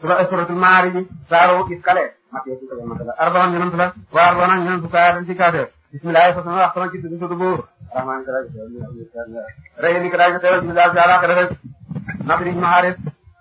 sura suratul maarij saaru iskale makke ci kale makke la arbaan ñenant la wa arbaan ñenant saa dañ ci kaate bismillah fa sama wax sama ci suñu buur rahmaan kala rey ni kala teewal mi daal ala kala rek nabri maharis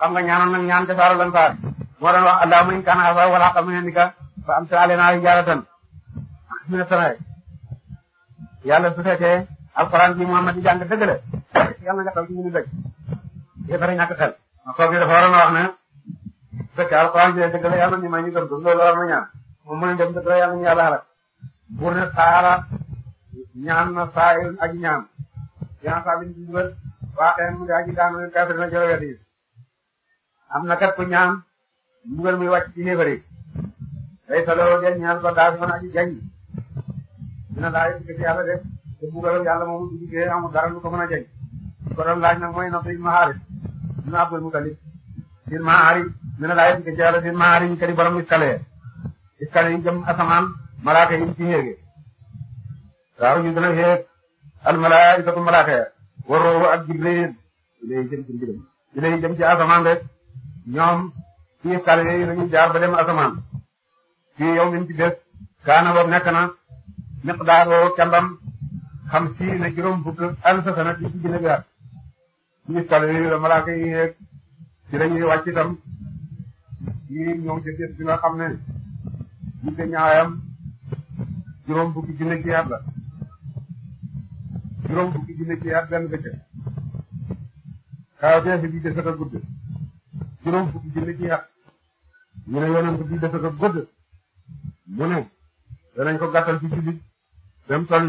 xam nga ñaanoon nag ñaan te saaru lan faar moo doon wax allahumma in kana haza wala qamina nika fa amtir alayna hijaratan min as-samaa'i yàlla su fekkee alquran bi muhammad di jàng dëgg la yàlla nga taw ci ñu dëgg yéen a ñàkk xel kooku dafa waroon a wax ne fekk alxuraan bi dëgg la yàlla ñu may ñu war na ñaan moom mu ne dem dëgg la yàlla ñu na saa yu aji ñaan ñaan saa bi ñu dugal waaxee mu ngi aji daanu kafir na jërëwet yi am na kat ku ñaan mbugal muy wàcc ci xéefar yi day saloo del ñaan ba daa mën aji jañ dina laa yëg ci yàlla de te mbugalam yàlla moomu du ko mën a jañ ko doon laaj nag mooy nafsi ibn Haaris ibn Abdul Muttalib ibn mina laay di ko jaarale di maariñ kër yi borom iskale iskale yi jëm asamaan malaaka yi ci yéege waaw ñu gën a yéeg al malaa'ikatu malaaka ya waroo ak jibril ilay jëm ci mbiram ci asamaan rek ñoom ci iskale yooyu jaar ba dem asamaan fii yow min kaana boobu nekk na miqdaaroo kembam xam si ne juróom fukk alfa ci ci gën a jaar ci iskale yooyu la malaaka ñii ñëw jëkkër bi nga xam ne ñu te ñaayam juróom fukki junne ci at la juróom fukki junne ci at benn bëccëg kaw teefi bi desaka gudd juróom fukki junne ci at ñu ne yonent bi desaka gudd mu ne danañ ko gàttal ci jullit dem toll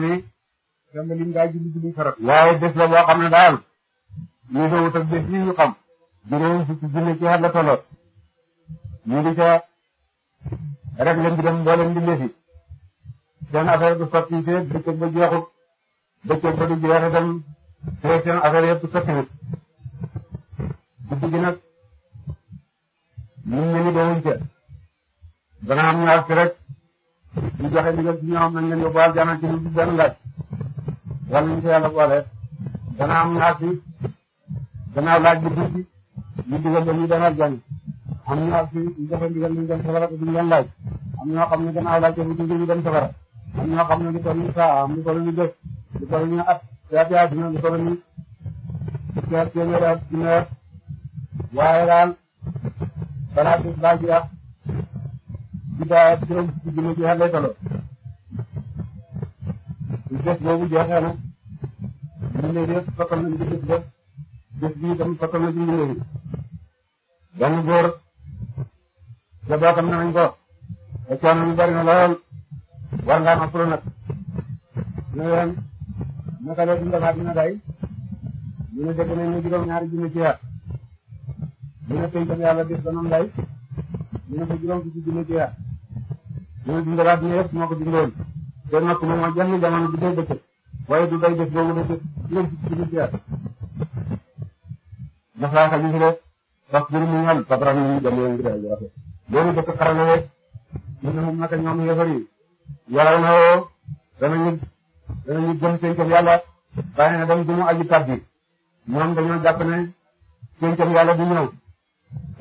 dem na lim daa julli julli farat waaye bés la boo xam ne daal ñu xam juróom fukki junne ci at la tolloot ñu di ca rek leen di dem mboolem di njëkk seen affaire du sotti te bëccëg ba jeexut bëccëg ba du jeex itam te seen affaire yëpp sotti wut guddi gi nag ñun ñu ngi doon ca ci rek ñu joxe ndigal ci ñoom nañ leen yóbbu aljana ci lu benn laaj wala ñu ko yàlla boole dana am ñaar ci gannaaw laaj bi tuuti ba ñu dem am ñu ak suñu joxe ndigal ñu dem safara te duñu leen laaj am ñoo xam ne gannaaw laaj te bu ñu dem safara am ñoo xam ne lu toll nii saa am lu toll nii bés lu toll nii at yaati at lu toll nii kër téeméer ak téeméer waaye daal balaa bis baa ji ak biddaa juróom fukki junne ji lay tolloo bés boobu jeexee na mbindee bi yëpp fottal nañ ci bés bés bii tam fottal na ci mbindee bi benn góor te dootam ne nañ ko te coono ñu bari na lool war ngaa noppalu nag ne leen naka la dund ak àdduna day ñu ne dëgg nañ ne juróom-ñaari junni ci weer ñu ne tënkam yàlla bis ba noonu day ñu ne ko juróom fukki junni ci weer ñu ne dund ak àdduna yëpp moo ko dundoon te noppi moom mooy jenn jamono du day dëkk waaye du day def boobu def juróom fukki junni ci weer ndax laa xam ne wax juróomi ñaar ba pare ñu ngi dem yoon bi daal di loolu dëkk xarala yëpp ñun ñoom naka ñoom yëfar yi yàlla na woo danañu danañu jëm pencam yàlla bàyyi na dem du mu aji tabbi ñoom dañoo jàpp ne pencam yàlla du ñëw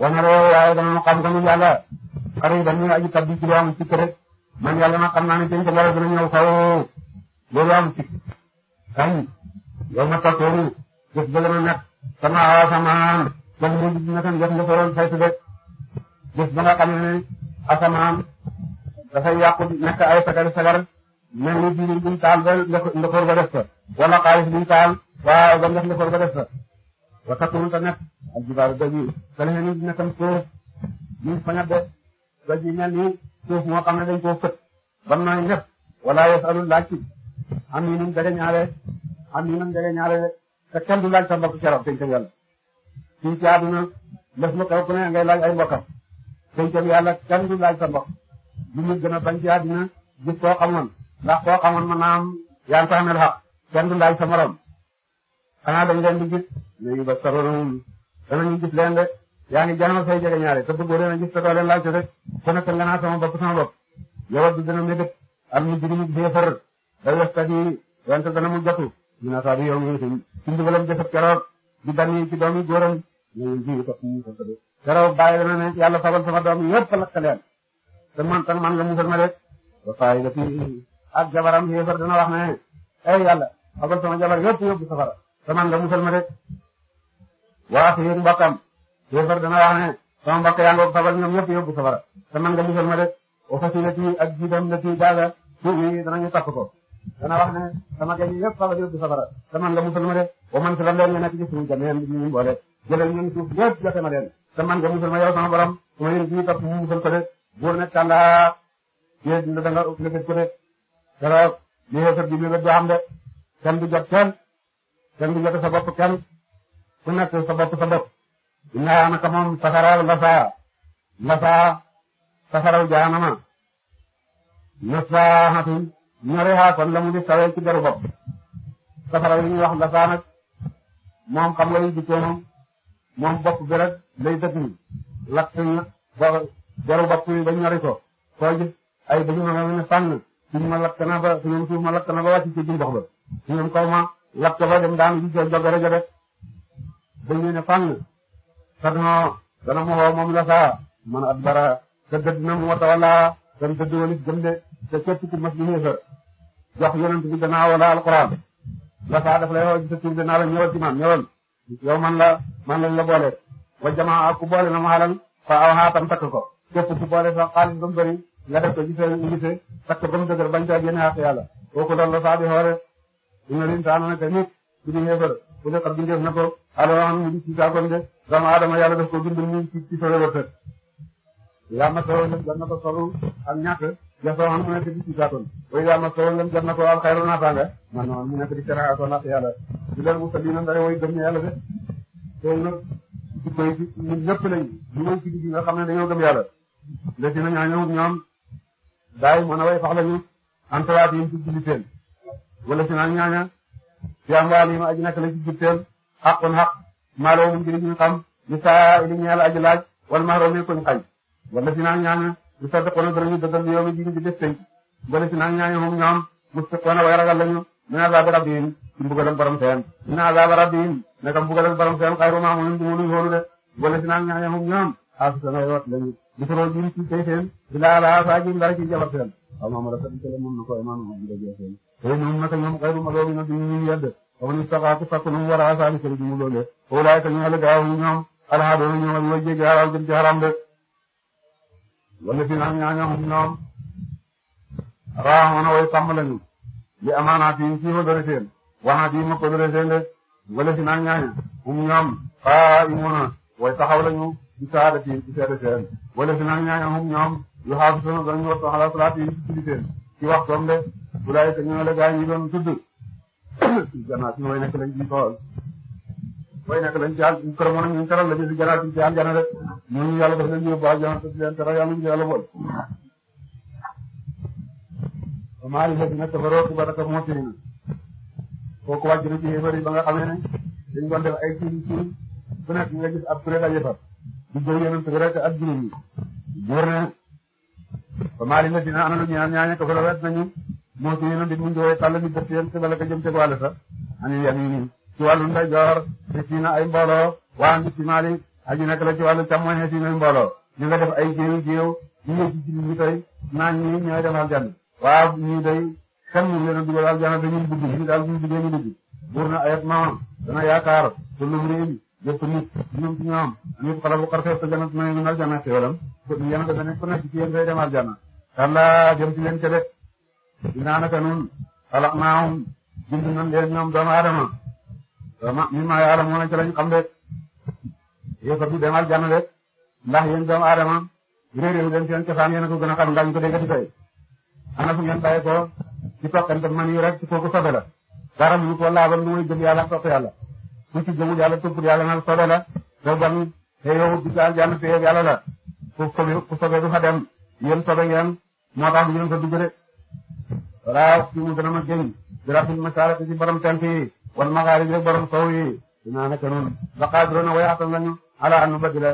wana rew waaye danañu xam tamit yàlla xar yi dañuy aji tabbi ci lu am sikk rek man yàlla na xam naa ne pencam yàlla dina ñëw xaw loolu am sikk kañ yow ma toog yoonu gis ma nekk sama awa sama am jëf nga jëf nga faral saytu rek bés ba nga xam ne asamaan dafay yàqu nekk ay fekkari sagar mel ni biir taal ba ndoxoor ba def wala xaalis buñ taal waaw ba def ndoxoor ba def wa takun te nekk ak jibaaru doj yi te leen ni nekkam suuf ñu fañ a def doj yi moo xam ne dañ koo fët bam nooy ñëpp wala yasalul am yi num dege ñaare am yi num dege ñaare te kenn laaj sa mbokk cerok teñ ko yàlla fii ci àdduna lu xew ku ne ngay laaj ay mbokkam pencam yàlla kenn du laaj sa mbokk lu ñu gën a bañ ci àddina gis koo xamoon ndax koo xamoon mën naa laaj sa morom xanaa dañ leen di gis léegi ba saroonamum leen de yaa ngi janoo say jege ñaare te bëggoo leen a gis te doo leen laaj rek ku nekk nga naa sama bopp sama bopp yow bi dana mébét al mujrimu biifar day westadi wante dana mu jotu ñu na saa bi yow ngi ci ci ndigalam jëfat keroog doomi góoram ñoom jiw topp keroog bàyyi dana ne yàlla fabal sama doom yëpp lakk leen te man musal ma rek ba faay da fi ak jabaram yéefar dana wax ne ay yàlla fabal sama jabar yëpp yóbbu safara te man nga musal ma rek ne sama mbokk yaa ngi fabal ñoom yëpp yóbbu safara te man musal ma rek o fasilati ak daaga suufi danañu takk ko ne sama gañ yëpp fabal yóbbu safara te musal ma rek si la leen nga nekk ci suñu boole jëlal te man nga musal ma yow sama borom su ma mu musal buur nekk kàndaa yéen dina danga nga gëj de keroog lii yëpp di lii rek de kenn du jot kenn kenn du jot sa bopp kenn ku nekk sa bopp sa bopp. moom safara lasaa lasaa safaraw jaanama nasaa xatu ñore xaa kon la mu di sawee ci deru bopp safaraw yi ñuy wax lasaa nag moom xam moom bopp bi lay dëkk nii lakk na ba jaru bopp yi ba ñori ko soo gis ay bëj ma ne fànn suñu ma lakk na ba suñu suuf ma lakk na ba wàcc ci biir ba suñu kaw ma lakk ba dem daan yu jog rajo rek dañu ne fànn sarno dana ma woo moom la saa man at bara te dëdd na mu wata wala dan dëdd walit gëm de te képp ku mas ñu xéefar jox yonent bi danaa wala alquran la saa daf lay woo sa tur danaa la ñëwal ci man ñëwal yow man la man la boole wa jamaa ku boole na mu xalal fa aw xaatam takk ko képp ku sa xaalis ba mu nga def ko gisee gisee takk ba mu dëgër bañ caa génne xaq yàlla kooku loolu la saa xoole dina leen saa na nag nit ku di xeefar bu dee xam bindeef na ko alors xam ñu ngi ci de doomu aadama yàlla def ko bindul ñu ci ci sa wërsëg yaa ma sawal leen jar na ko solu ak ñàkk ja soo xam mu nekk di ci saa ko waaye yaa ma sawal leen na ko al aa naataanga man man mu nekk di saraxaatoon ak yàlla ci béy ci ñun ñëpp lañ ñu ngi ci digg nga xam ne dañoo gëm yàlla léegi nag ñooñu ñoom daay mën a way fax lañu antawaat yi ci julliteel wala si naan ñaaña fi am waal yi ma aji nekk la ci julliteel xaqun xaq maaloo mu jëriñ ñu xam li saa li ñeel aji laaj wala maaroo mi koñ xañ wala si naan ñaaña ñu saddiqoona danañu dëggal yow mi jiñ bi def tey wala si naan ñaaña way ragal lañu min azaab rabbihim ci mbugalam borom seen min azaab naka mbugal ak baram seen xayru ma du mu nuyu woon de wala si naan ñaax ñoom ah su a way tàmm li amaanaat ci ko dara seen waxaat yi ma wala si naa ñaañ hum ñoom faa imuna way taxaw lañu ci saadati ci seede seen wala si naa ñaañ hum ñoom yu xaafisuna danañu wattu ala salaati ci julli seen ci waxtoom de wulaay ka ñoo la gaa ñi doon tudd janaatin way nekk lañ ci tool way nekk lañ ci al kër moom ñu teral lañu si janaatin ci aljana rek ñooñu yàlla daf leen yóbbu aljana daf leen teral yàlla ba root ba rek kooku wàcc na ci xéefar yi ba nga xamee ne dañ doon def ay kii kii bu nekk nga gis ab kuréel daje fa di jëw yonent bi ak jullit yi góor ne ba maa li nga dina ana lu ñu naan ñaaña ko fa la wet nañu moo ci yonent bi mu ngi woy mi dëkk yéen xibala ka jëm ci wàll sa ani yan yi ci wàllu ndeyjoor te fii ay mbooloo waa ngi ci maali aji nekk la ci wàllu càmmoñ fii na mbooloo ñu nga def ay jéew jéew ñu ngi ci jullit ñi ñi ñooy dem aljanna waaw ñii kenn mu leen a dugal aljana dañuy dugg bu ñu ayat maamam dana yaakaar te mu réew yëpp nit ñoom ci ñoom ñëpp xalaat ma ne aljana ko yéen a demee ku nekk ci dem aljana. kàllaa jëm ci leen ca de dinaa naka nun xalaat maamam bind nañ leen ñoom doomu aadama mi maa yàlla moo ca lañ xam de yëpp bi dem aljana de ndax yéen doomu aadama réeréeru leen seen cosaan yéen a ko gën a xam ndax ñu ana fu ngeen bàyyi ko ci toppante man yi rek ci kooku sobe la dara ko laabal lu muy gëm yàlla topp yàlla ku ci gëmul yàlla toppul yàlla nag sobe la te bon te yow bi daal jàmm te yàlla la ku sobe ku sobe du fa dem yéen sobe ngeen moo tax ngeen ko duggale voilà fi mu gën a ma génn jërëjëf masaara ci borom tent wal maxaarij rek borom sow yi dinaa nekk noonu ba xaajaloon na way atal nañu ala an nu bëgg la.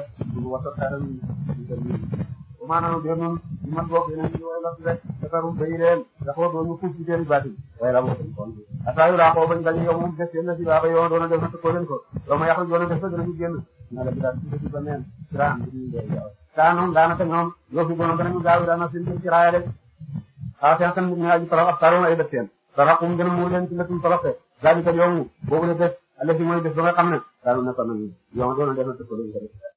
maanaam bi moom man bokk nañ ñu way la rek defarum dañu leen dafa doon ñu fuuf ci seen baat yi way la moom kon ataayu laa xoo bañ dañu yow moom def seen na si baaba yoon doon a def na ko leen ko yow ma yàqu yoon def na dinañu génn na la bilaat ci ci ba meen sira am ci ñu taa noonu daanaka ñoom yoo fi gono danañu gaaw daana seen ci raaya de xaa seen kan ñu aji torox ak taroon ay def seen taraqum gën a muur leen ci latum toroxe zalika yawmu boobu la def alati mooy def ba nga xam ne daanu nekkoon nañu yow doon a def na ko leen ko